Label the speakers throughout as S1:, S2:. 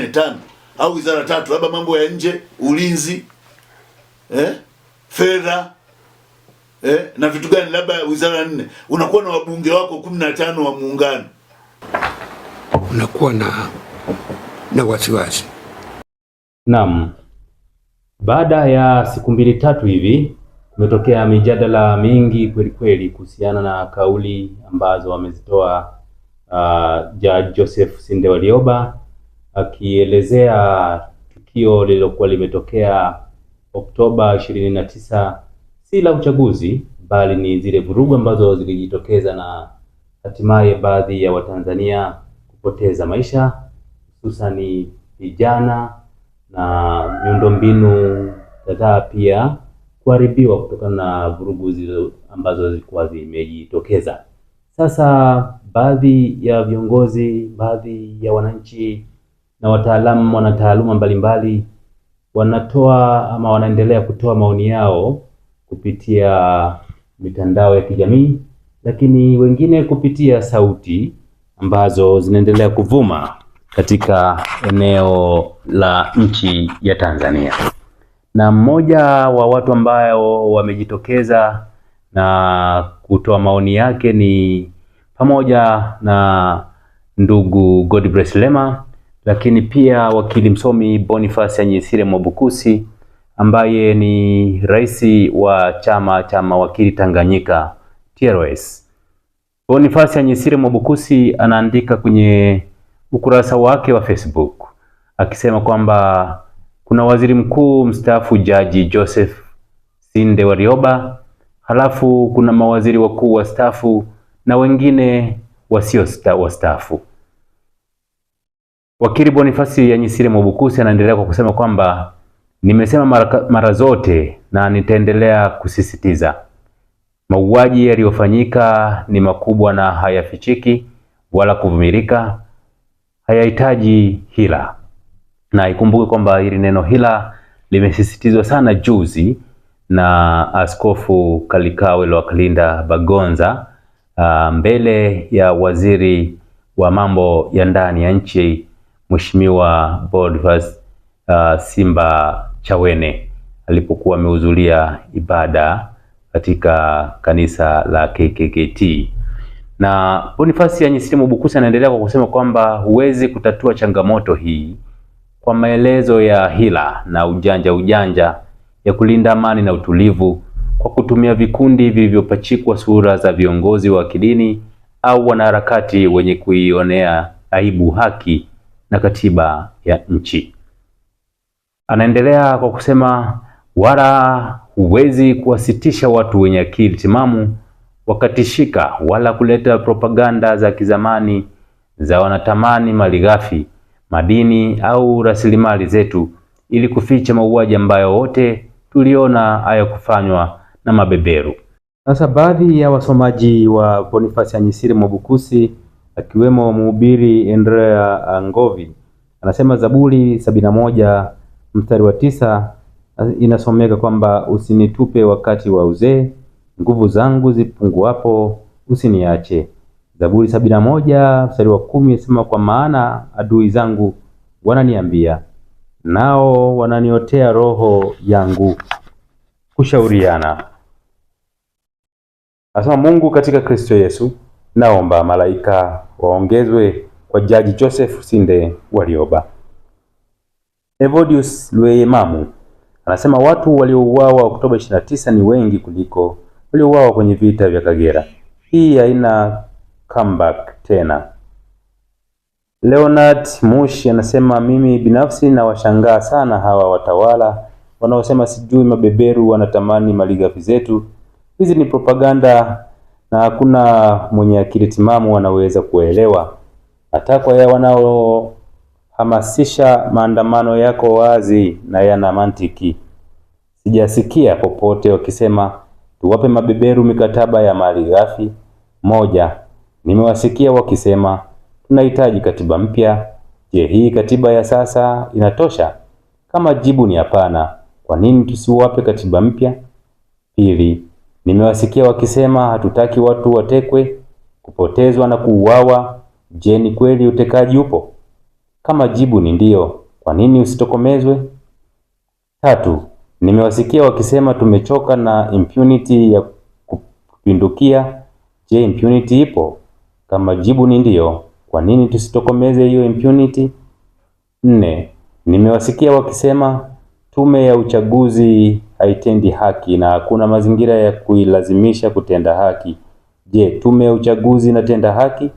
S1: nne tano au wizara tatu, labda mambo ya nje, ulinzi, eh, fedha eh, na vitu gani, labda wizara nne, unakuwa na wabunge wako kumi na tano wa muungano, unakuwa na na wasiwasi. Naam, baada ya siku mbili tatu hivi kumetokea mijadala mingi kweli kweli kuhusiana na kauli ambazo wamezitoa uh, ah, Jaji Joseph Sinde Warioba akielezea tukio lililokuwa limetokea Oktoba ishirini si la uchaguzi bali ni zile vurugu ambazo zilijitokeza na hatimaye baadhi ya Watanzania kupoteza maisha, hususani vijana na miundombinu kadhaa pia kuharibiwa kutokana na vurugu zile ambazo zilikuwa zimejitokeza. Sasa baadhi ya viongozi, baadhi ya wananchi na wataalamu wanataaluma mbalimbali wanatoa ama wanaendelea kutoa maoni yao kupitia mitandao ya kijamii, lakini wengine kupitia sauti ambazo zinaendelea kuvuma katika eneo la nchi ya Tanzania. Na mmoja wa watu ambao wamejitokeza na kutoa maoni yake ni pamoja na ndugu Godbless Lema lakini pia wakili msomi Boniface Anyesire Mwabukusi ambaye ni rais wa chama cha mawakili Tanganyika TLS. Boniface Anyesire Mwabukusi anaandika kwenye ukurasa wake wa Facebook akisema kwamba kuna waziri mkuu mstaafu Jaji Joseph Sinde Warioba, halafu kuna mawaziri wakuu wastaafu na wengine wasio wastaafu. Wakili Bonifasi Yanyisire Mwabukusi anaendelea kwa kusema kwamba nimesema mara, mara zote na nitaendelea kusisitiza mauaji yaliyofanyika ni makubwa na hayafichiki wala kuvumilika, hayahitaji hila. Na ikumbuke kwamba hili neno hila limesisitizwa sana juzi na Askofu Kalikawe Kalinda Bagonza ah, mbele ya waziri wa mambo ya ndani ya nchi Mheshimiwa Boniface uh, Simba Chawene alipokuwa amehudhuria ibada katika kanisa la KKKT. Na Boniface Anyisiri Mwabukusi anaendelea kwa kusema kwamba huwezi kutatua changamoto hii kwa maelezo ya hila na ujanja ujanja ya kulinda amani na utulivu kwa kutumia vikundi vilivyopachikwa sura za viongozi wa kidini au wanaharakati wenye kuionea aibu haki na katiba ya nchi. Anaendelea kwa kusema, wala huwezi kuwasitisha watu wenye akili timamu wakatishika, wala kuleta propaganda za kizamani za wanatamani malighafi, madini au rasilimali zetu ili kuficha mauaji ambayo wote tuliona hayakufanywa na mabeberu. Sasa baadhi ya wasomaji wa Boniface Anyisiri Mwabukusi akiwemo mhubiri Andrea Ngovi anasema Zaburi sabini na moja mstari wa tisa inasomeka kwamba usinitupe wakati wa uzee, nguvu zangu zipunguapo usiniache. Zaburi sabini na moja mstari wa kumi inasema kwa maana adui zangu wananiambia, nao wananiotea roho yangu. Kushauriana, anasema Mungu katika Kristo Yesu naomba malaika waongezwe kwa Jaji Joseph Sinde Warioba. Evodius Lweyemamu anasema watu waliouawa Oktoba 29 ni wengi kuliko waliouawa kwenye vita vya Kagera. Hii haina comeback tena. Leonard Mushi anasema mimi binafsi nawashangaa sana hawa watawala wanaosema sijui mabeberu wanatamani malighafi zetu. Hizi ni propaganda na hakuna mwenye akili timamu anaweza kuelewa. Matakwa ya wanaohamasisha maandamano yako wazi na yana mantiki. Sijasikia popote wakisema tuwape mabeberu mikataba ya mali ghafi moja. Nimewasikia wakisema tunahitaji katiba mpya. Je, hii katiba ya sasa inatosha? Kama jibu ni hapana, kwa nini tusiwape katiba mpya? Pili, Nimewasikia wakisema hatutaki watu watekwe, kupotezwa na kuuawa. Je, ni kweli utekaji upo? Kama jibu ni ndio kwa nini usitokomezwe? Tatu, nimewasikia wakisema tumechoka na impunity ya kupindukia. Je, impunity ipo? Kama jibu ni ndio kwa nini tusitokomeze hiyo impunity? Nne, nimewasikia wakisema tume ya uchaguzi haitendi haki na hakuna mazingira ya kuilazimisha kutenda haki. Je, tume ya uchaguzi inatenda haki?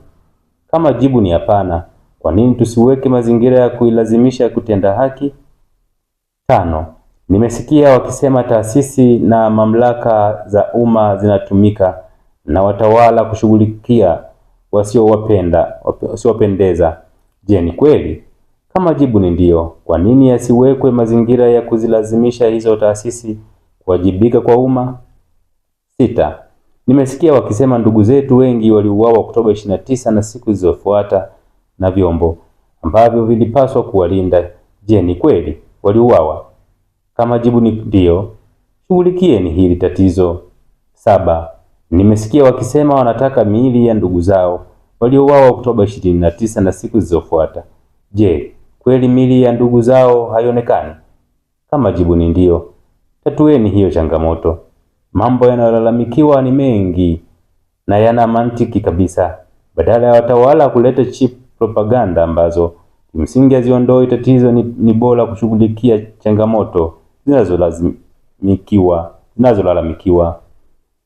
S1: Kama jibu ni hapana, kwa nini tusiweke mazingira ya kuilazimisha kutenda haki? Tano, nimesikia wakisema taasisi na mamlaka za umma zinatumika na watawala kushughulikia wasiowapenda wasiowapendeza. Je, ni kweli? Kama jibu ni ndio, kwa nini yasiwekwe mazingira ya kuzilazimisha hizo taasisi kuwajibika kwa umma? Sita, nimesikia wakisema ndugu zetu wengi waliuawa Oktoba 29 na siku zilizofuata na vyombo ambavyo vilipaswa kuwalinda. Je, ni kweli waliuawa? Kama jibu ni ndio, shughulikieni hili tatizo. Saba, nimesikia wakisema wanataka miili ya ndugu zao waliouawa Oktoba 29 na siku zilizofuata. Je, kweli mili ya ndugu zao haionekani? Kama jibu ni ndio, tatueni hiyo changamoto. Mambo yanayolalamikiwa ni mengi na yana mantiki kabisa. Badala ya watawala kuleta cheap propaganda ambazo kimsingi haziondoi tatizo, ni, ni bora kushughulikia changamoto zinazolazimikiwa zinazolalamikiwa.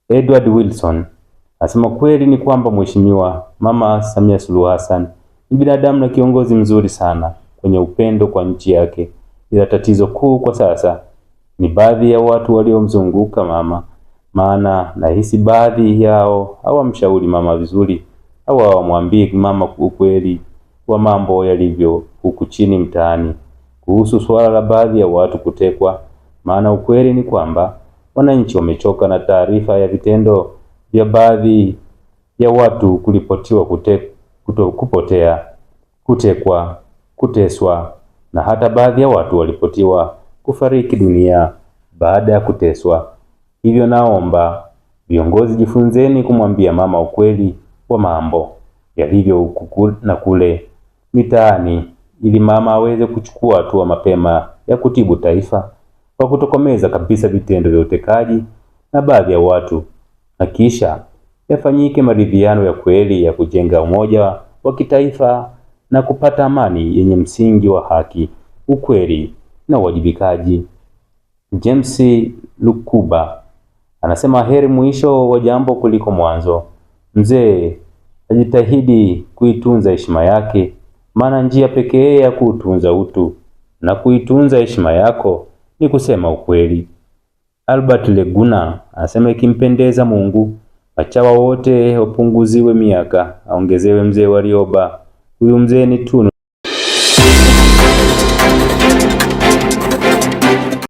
S1: Edward Wilson asema kweli ni kwamba Mheshimiwa Mama Samia Suluhu Hassan ni binadamu na kiongozi mzuri sana kwenye upendo kwa nchi yake, ila tatizo kuu kwa sasa ni baadhi ya watu waliomzunguka mama, maana nahisi baadhi yao hawamshauri mama vizuri au hawamwambii mama ukweli wa mambo yalivyo huku chini mtaani kuhusu suala la baadhi ya watu kutekwa. Maana ukweli ni kwamba wananchi wamechoka na taarifa ya vitendo vya baadhi ya watu kulipotiwa kutek, kuto, kupotea, kutekwa kuteswa na hata baadhi ya watu walipotiwa kufariki dunia baada ya kuteswa. Hivyo naomba viongozi, jifunzeni kumwambia mama ukweli wa mambo yalivyo huku na kule mitaani, ili mama aweze kuchukua hatua mapema ya kutibu taifa kwa kutokomeza kabisa vitendo vya utekaji na baadhi ya watu, na kisha yafanyike maridhiano ya kweli ya kujenga umoja wa kitaifa na kupata amani yenye msingi wa haki, ukweli na uwajibikaji. James Lukuba anasema heri mwisho wa jambo kuliko mwanzo. Mzee ajitahidi kuitunza heshima yake, maana njia pekee ya kuutunza utu na kuitunza heshima yako ni kusema ukweli. Albert Leguna anasema ikimpendeza Mungu, wachawa wote wapunguziwe miaka, aongezewe mzee Warioba huyu mzee ni tunu